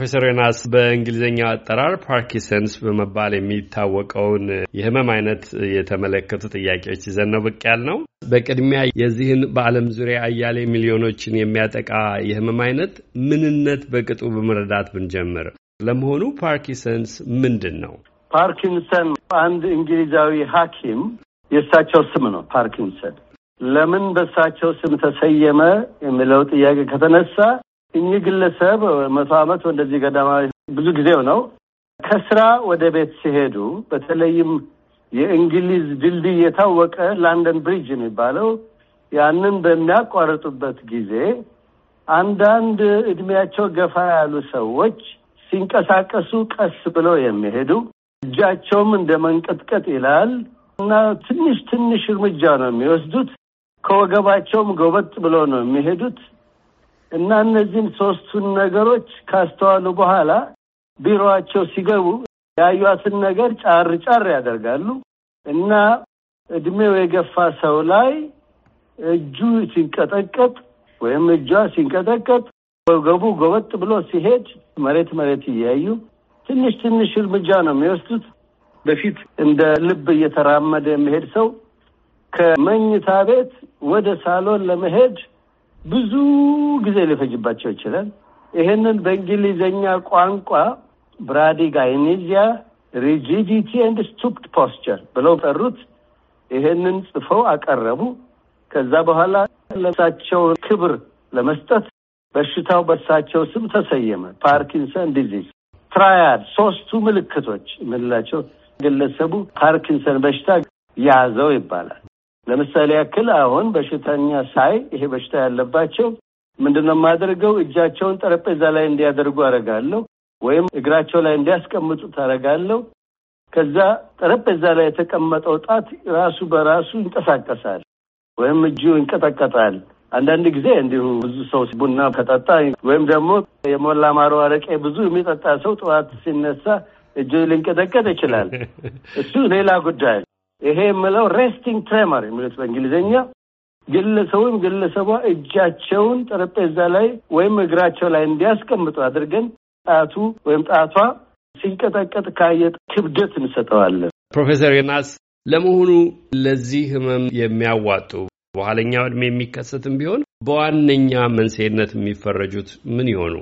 ፕሮፌሰር ዮናስ በእንግሊዝኛው አጠራር ፓርኪሰንስ በመባል የሚታወቀውን የህመም አይነት የተመለከቱ ጥያቄዎች ይዘን ነው ብቅ ያል ነው። በቅድሚያ የዚህን በዓለም ዙሪያ አያሌ ሚሊዮኖችን የሚያጠቃ የህመም አይነት ምንነት በቅጡ በመረዳት ብንጀምር፣ ለመሆኑ ፓርኪሰንስ ምንድን ነው? ፓርኪንሰን አንድ እንግሊዛዊ ሐኪም የእሳቸው ስም ነው። ፓርኪንሰን ለምን በእሳቸው ስም ተሰየመ የሚለው ጥያቄ ከተነሳ እኚህ ግለሰብ መቶ ዓመት እንደዚህ ገደማ ብዙ ጊዜው ነው ከስራ ወደ ቤት ሲሄዱ በተለይም የእንግሊዝ ድልድይ የታወቀ ላንደን ብሪጅ የሚባለው ያንን በሚያቋርጡበት ጊዜ አንዳንድ እድሜያቸው ገፋ ያሉ ሰዎች ሲንቀሳቀሱ ቀስ ብለው የሚሄዱ እጃቸውም እንደ መንቀጥቀጥ ይላል እና ትንሽ ትንሽ እርምጃ ነው የሚወስዱት። ከወገባቸውም ጎበጥ ብለው ነው የሚሄዱት። እና እነዚህን ሶስቱን ነገሮች ካስተዋሉ በኋላ ቢሮዋቸው ሲገቡ ያዩትን ነገር ጫር ጫር ያደርጋሉ እና እድሜው የገፋ ሰው ላይ እጁ ሲንቀጠቀጥ ወይም እጇ ሲንቀጠቀጥ ወገቡ ጎበጥ ብሎ ሲሄድ መሬት መሬት እያዩ ትንሽ ትንሽ እርምጃ ነው የሚወስዱት። በፊት እንደ ልብ እየተራመደ የሚሄድ ሰው ከመኝታ ቤት ወደ ሳሎን ለመሄድ ብዙ ጊዜ ሊፈጅባቸው ይችላል። ይህንን በእንግሊዘኛ ቋንቋ ብራዲጋይኒዚያ ሪጂዲቲ ኤንድ ስቱፕድ ፖስቸር ብለው ጠሩት። ይህንን ጽፈው አቀረቡ። ከዛ በኋላ ለሳቸው ክብር ለመስጠት በሽታው በሳቸው ስም ተሰየመ። ፓርኪንሰን ዲዚዝ ትራያድ፣ ሶስቱ ምልክቶች የምንላቸው ግለሰቡ ፓርኪንሰን በሽታ ያዘው ይባላል። ለምሳሌ ያክል አሁን በሽተኛ ሳይ ይሄ በሽታ ያለባቸው ምንድነው የማደርገው? እጃቸውን ጠረጴዛ ላይ እንዲያደርጉ አረጋለሁ፣ ወይም እግራቸው ላይ እንዲያስቀምጡ ታረጋለሁ። ከዛ ጠረጴዛ ላይ የተቀመጠው ጣት ራሱ በራሱ ይንቀሳቀሳል፣ ወይም እጁ ይንቀጠቀጣል። አንዳንድ ጊዜ እንዲሁ ብዙ ሰው ቡና ከጠጣ ወይም ደግሞ የሞላ ማሮ አረቄ ብዙ የሚጠጣ ሰው ጠዋት ሲነሳ እጁ ሊንቀጠቀጥ ይችላል። እሱ ሌላ ጉዳይ ይሄ የምለው ሬስቲንግ ትሬመር የሚሉት በእንግሊዝኛ ግለሰቡም ግለሰቧ እጃቸውን ጠረጴዛ ላይ ወይም እግራቸው ላይ እንዲያስቀምጡ አድርገን ጣቱ ወይም ጣቷ ሲንቀጠቀጥ ካየ ክብደት እንሰጠዋለን። ፕሮፌሰር ዮናስ ለመሆኑ ለዚህ ህመም የሚያዋጡ በኋለኛው ዕድሜ የሚከሰትም ቢሆን በዋነኛ መንስኤነት የሚፈረጁት ምን ይሆኑ?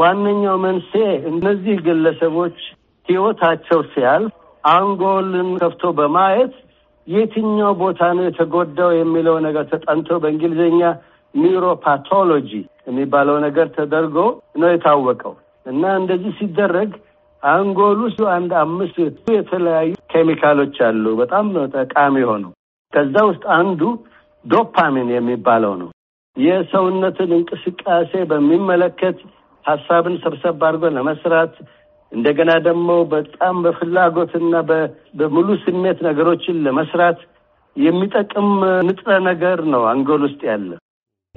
ዋነኛው መንስኤ እነዚህ ግለሰቦች ህይወታቸው ሲያልፍ አንጎልን ከፍቶ በማየት የትኛው ቦታ ነው የተጎዳው የሚለው ነገር ተጠንቶ በእንግሊዝኛ ኒውሮፓቶሎጂ የሚባለው ነገር ተደርጎ ነው የታወቀው። እና እንደዚህ ሲደረግ አንጎል ውስጥ አንድ አምስት የተለያዩ ኬሚካሎች አሉ፣ በጣም ጠቃሚ የሆኑ ከዛ ውስጥ አንዱ ዶፓሚን የሚባለው ነው። የሰውነትን እንቅስቃሴ በሚመለከት ሀሳብን ሰብሰብ አድርጎ ለመስራት እንደገና ደግሞ በጣም በፍላጎትና በሙሉ ስሜት ነገሮችን ለመስራት የሚጠቅም ንጥረ ነገር ነው አንጎል ውስጥ ያለ።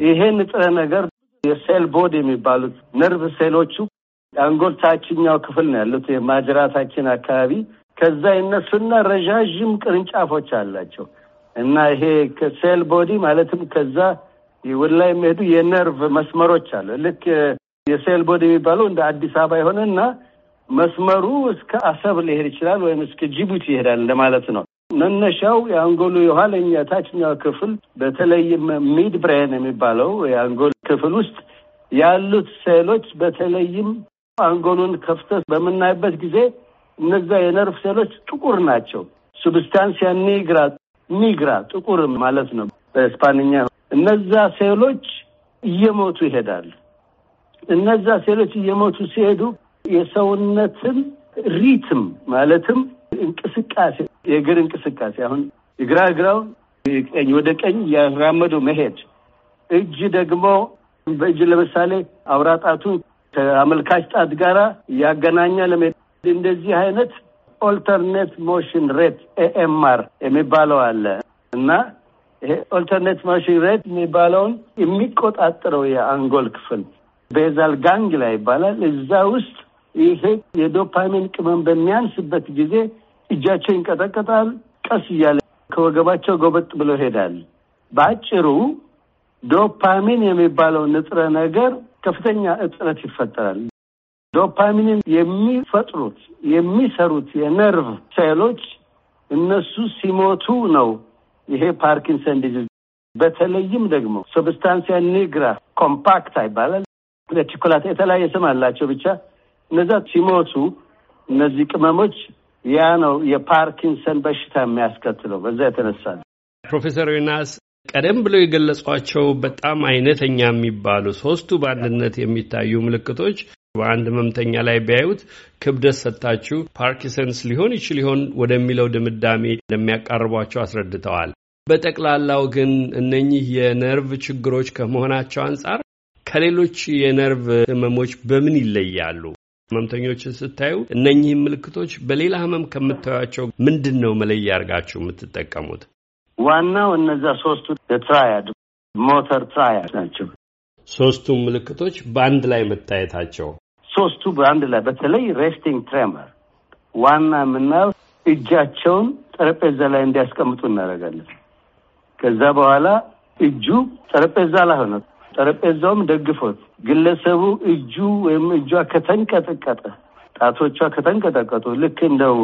ይሄ ንጥረ ነገር የሴል ቦድ የሚባሉት ነርቭ ሴሎቹ አንጎል ታችኛው ክፍል ነው ያሉት የማጅራታችን አካባቢ። ከዛ የነሱና ረዣዥም ቅርንጫፎች አላቸው እና ይሄ ሴል ቦዲ ማለትም ከዛ ወደ ላይ የሚሄዱ የነርቭ መስመሮች አሉ። ልክ የሴል ቦዲ የሚባለው እንደ አዲስ አበባ የሆነ እና መስመሩ እስከ አሰብ ሊሄድ ይችላል ወይም እስከ ጅቡቲ ይሄዳል ለማለት ነው። መነሻው የአንጎሉ የኋለኛ ታችኛው ክፍል በተለይም ሚድ ብሬን የሚባለው የአንጎል ክፍል ውስጥ ያሉት ሴሎች በተለይም አንጎሉን ከፍተህ በምናይበት ጊዜ እነዛ የነርቭ ሴሎች ጥቁር ናቸው። ሱብስታንሲያ ኒግራ ኒግራ ጥቁር ማለት ነው በስፓንኛ። እነዛ ሴሎች እየሞቱ ይሄዳሉ። እነዛ ሴሎች እየሞቱ ሲሄዱ የሰውነትን ሪትም ማለትም እንቅስቃሴ የእግር እንቅስቃሴ አሁን እግራ እግራው ቀኝ ወደ ቀኝ ያራመዱ መሄድ፣ እጅ ደግሞ በእጅ ለምሳሌ አውራጣቱ ከአመልካች ጣት ጋር ያገናኘ ለመሄድ እንደዚህ አይነት ኦልተርኔት ሞሽን ሬት ኤኤምአር የሚባለው አለ እና ይሄ ኦልተርኔት ሞሽን ሬት የሚባለውን የሚቆጣጠረው የአንጎል ክፍል ቤዛል ጋንግሊያ ይባላል። እዛ ውስጥ ይሄ የዶፓሚን ቅመም በሚያንስበት ጊዜ እጃቸው ይንቀጠቀጣል። ቀስ እያለ ከወገባቸው ጎበጥ ብሎ ይሄዳል። በአጭሩ ዶፓሚን የሚባለው ንጥረ ነገር ከፍተኛ እጥረት ይፈጠራል። ዶፓሚንን የሚፈጥሩት የሚሰሩት የነርቭ ሴሎች እነሱ ሲሞቱ ነው ይሄ ፓርኪንሰን ዲዚዝ በተለይም ደግሞ ሶብስታንሲያ ኒግራ ኮምፓክታ ይባላል። ለቲኩላት የተለያየ ስም አላቸው ብቻ እነዛ ሲሞቱ እነዚህ ቅመሞች ያ ነው የፓርኪንሰን በሽታ የሚያስከትለው። በዛ የተነሳ ፕሮፌሰር ዮናስ ቀደም ብለው የገለጿቸው በጣም አይነተኛ የሚባሉ ሶስቱ በአንድነት የሚታዩ ምልክቶች በአንድ ህመምተኛ ላይ ቢያዩት ክብደት ሰጥታችሁ ፓርኪንሰንስ ሊሆን ይችል ይሆን ወደሚለው ድምዳሜ እንደሚያቃርቧቸው አስረድተዋል። በጠቅላላው ግን እነኚህ የነርቭ ችግሮች ከመሆናቸው አንጻር ከሌሎች የነርቭ ህመሞች በምን ይለያሉ? ህመምተኞችን ስታዩ እነኚህም ምልክቶች በሌላ ህመም ከምታዩቸው ምንድን ነው መለያ አድርጋችሁ የምትጠቀሙት? ዋናው እነዛ ሶስቱ ትራያድ ሞተር ትራያድ ናቸው። ሶስቱ ምልክቶች በአንድ ላይ መታየታቸው ሶስቱ በአንድ ላይ በተለይ ሬስቲንግ ትሬመር ዋና የምናየው እጃቸውን ጠረጴዛ ላይ እንዲያስቀምጡ እናደርጋለን። ከዛ በኋላ እጁ ጠረጴዛ ላይ ሆነ ጠረጴዛውም ደግፎት ግለሰቡ እጁ ወይም እጇ ከተንቀጠቀጠ ጣቶቿ ከተንቀጠቀጡ ልክ እንደው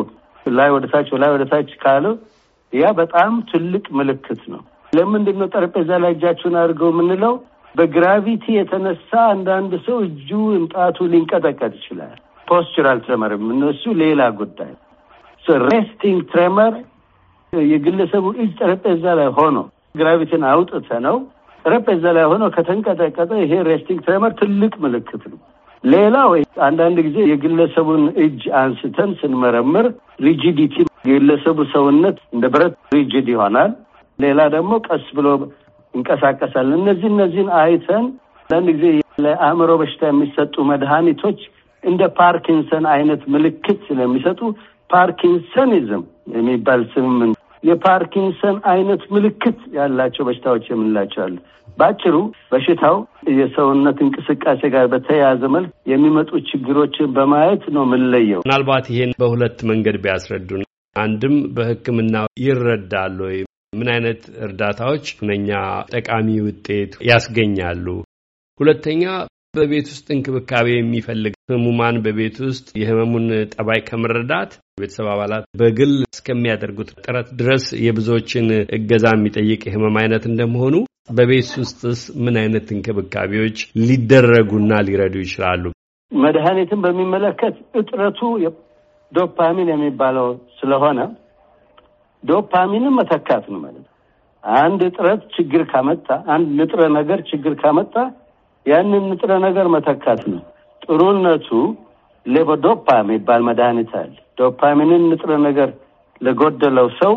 ላይ ወደታች ላይ ወደታች ካለው ያ በጣም ትልቅ ምልክት ነው። ለምንድን ነው ጠረጴዛ ላይ እጃችሁን አድርገው የምንለው? በግራቪቲ የተነሳ አንዳንድ ሰው እጁ ጣቱ ሊንቀጠቀጥ ይችላል። ፖስቹራል ትሬመር እነሱ ሌላ ጉዳይ። ሬስቲንግ ትሬመር የግለሰቡ እጅ ጠረጴዛ ላይ ሆኖ ግራቪቲን አውጥተ ነው ጠረጴዛ ላይ ሆኖ ከተንቀጠቀጠ ይሄ ሬስቲንግ ትሬመር ትልቅ ምልክት ነው። ሌላው አንዳንድ ጊዜ የግለሰቡን እጅ አንስተን ስንመረምር ሪጂዲቲ፣ የግለሰቡ ሰውነት እንደ ብረት ሪጂድ ይሆናል። ሌላ ደግሞ ቀስ ብሎ ይንቀሳቀሳል። እነዚህ እነዚህን አይተን አንዳንድ ጊዜ ለአእምሮ በሽታ የሚሰጡ መድኃኒቶች እንደ ፓርኪንሰን አይነት ምልክት ስለሚሰጡ ፓርኪንሰኒዝም የሚባል ስምምን የፓርኪንሰን አይነት ምልክት ያላቸው በሽታዎች የምንላቸው አሉ። በአጭሩ በሽታው የሰውነት እንቅስቃሴ ጋር በተያያዘ መልክ የሚመጡ ችግሮችን በማየት ነው የምንለየው። ምናልባት ይሄን በሁለት መንገድ ቢያስረዱን፣ አንድም በሕክምና ይረዳሉ ወይ? ምን አይነት እርዳታዎች ሁነኛ ጠቃሚ ውጤት ያስገኛሉ? ሁለተኛ በቤት ውስጥ እንክብካቤ የሚፈልግ ህሙማን በቤት ውስጥ የህመሙን ጠባይ ከመረዳት ቤተሰብ አባላት በግል እስከሚያደርጉት ጥረት ድረስ የብዙዎችን እገዛ የሚጠይቅ የህመም አይነት እንደመሆኑ በቤት ውስጥስ ምን አይነት እንክብካቤዎች ሊደረጉና ሊረዱ ይችላሉ? መድኃኒትን በሚመለከት እጥረቱ ዶፓሚን የሚባለው ስለሆነ ዶፓሚንን መተካት ነው ማለት አንድ እጥረት ችግር ካመጣ፣ አንድ ንጥረ ነገር ችግር ካመጣ ያንን ንጥረ ነገር መተካት ነው። ጥሩነቱ ሌቮዶፓ የሚባል መድኃኒት አለ። ዶፓሚንን ንጥረ ነገር ለጎደለው ሰው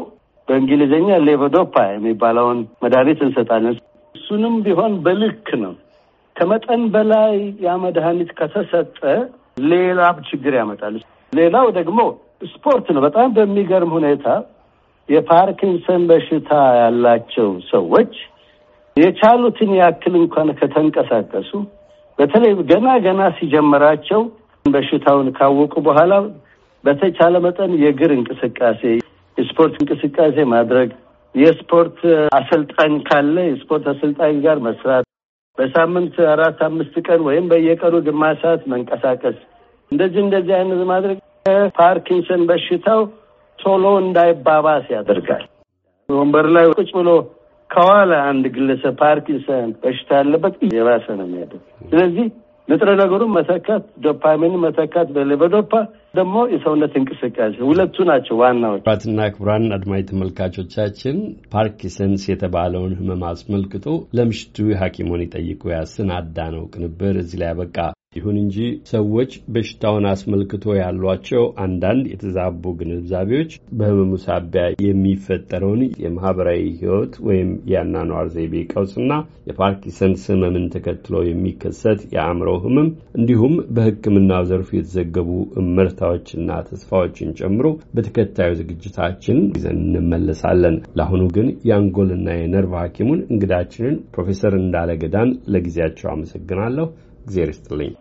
በእንግሊዝኛ ዶፓ የሚባለውን መድኃኒት እንሰጣለን። እሱንም ቢሆን በልክ ነው። ከመጠን በላይ ያ መድኃኒት ከተሰጠ ሌላ ችግር ያመጣል። ሌላው ደግሞ ስፖርት ነው። በጣም በሚገርም ሁኔታ የፓርኪንሰን በሽታ ያላቸው ሰዎች የቻሉትን ያክል እንኳን ከተንቀሳቀሱ በተለይ ገና ገና ሲጀምራቸው በሽታውን ካወቁ በኋላ በተቻለ መጠን የእግር እንቅስቃሴ፣ የስፖርት እንቅስቃሴ ማድረግ፣ የስፖርት አሰልጣኝ ካለ የስፖርት አሰልጣኝ ጋር መስራት፣ በሳምንት አራት አምስት ቀን ወይም በየቀኑ ግማሽ ሰዓት መንቀሳቀስ፣ እንደዚህ እንደዚህ አይነት ማድረግ ፓርኪንሰን በሽታው ቶሎ እንዳይባባስ ያደርጋል። ወንበር ላይ ቁጭ ብሎ ከኋላ አንድ ግለሰብ ፓርኪንሰን በሽታ ያለበት የባሰ ነው የሚያደርግ ስለዚህ ንጥረ ነገሩን መተካት፣ ዶፓሚን መተካት በሌቮዶፓ ደግሞ የሰውነት እንቅስቃሴ ሁለቱ ናቸው ዋናዎች። ክቡራትና ክቡራን አድማጭ ተመልካቾቻችን ፓርኪንሰንስ የተባለውን ህመም አስመልክቶ ለምሽቱ የሐኪሞን ይጠይቁ ያሰናዳ ቅንብር እዚህ ላይ ያበቃ። ይሁን እንጂ ሰዎች በሽታውን አስመልክቶ ያሏቸው አንዳንድ የተዛቡ ግንዛቤዎች በህመሙ ሳቢያ የሚፈጠረውን የማህበራዊ ህይወት ወይም የአናኗር ዘይቤ ቀውስና የፓርኪንሰንስ ህመምን ተከትሎ የሚከሰት የአእምሮ ህመም እንዲሁም በህክምና ዘርፉ የተዘገቡ እመርታዎችና ተስፋዎችን ጨምሮ በተከታዩ ዝግጅታችን ይዘን እንመለሳለን። ለአሁኑ ግን የአንጎልና የነርቭ ሐኪሙን እንግዳችንን ፕሮፌሰር እንዳለ ለጊዜያቸው አመሰግናለሁ። እግዜር ይስጥልኝ።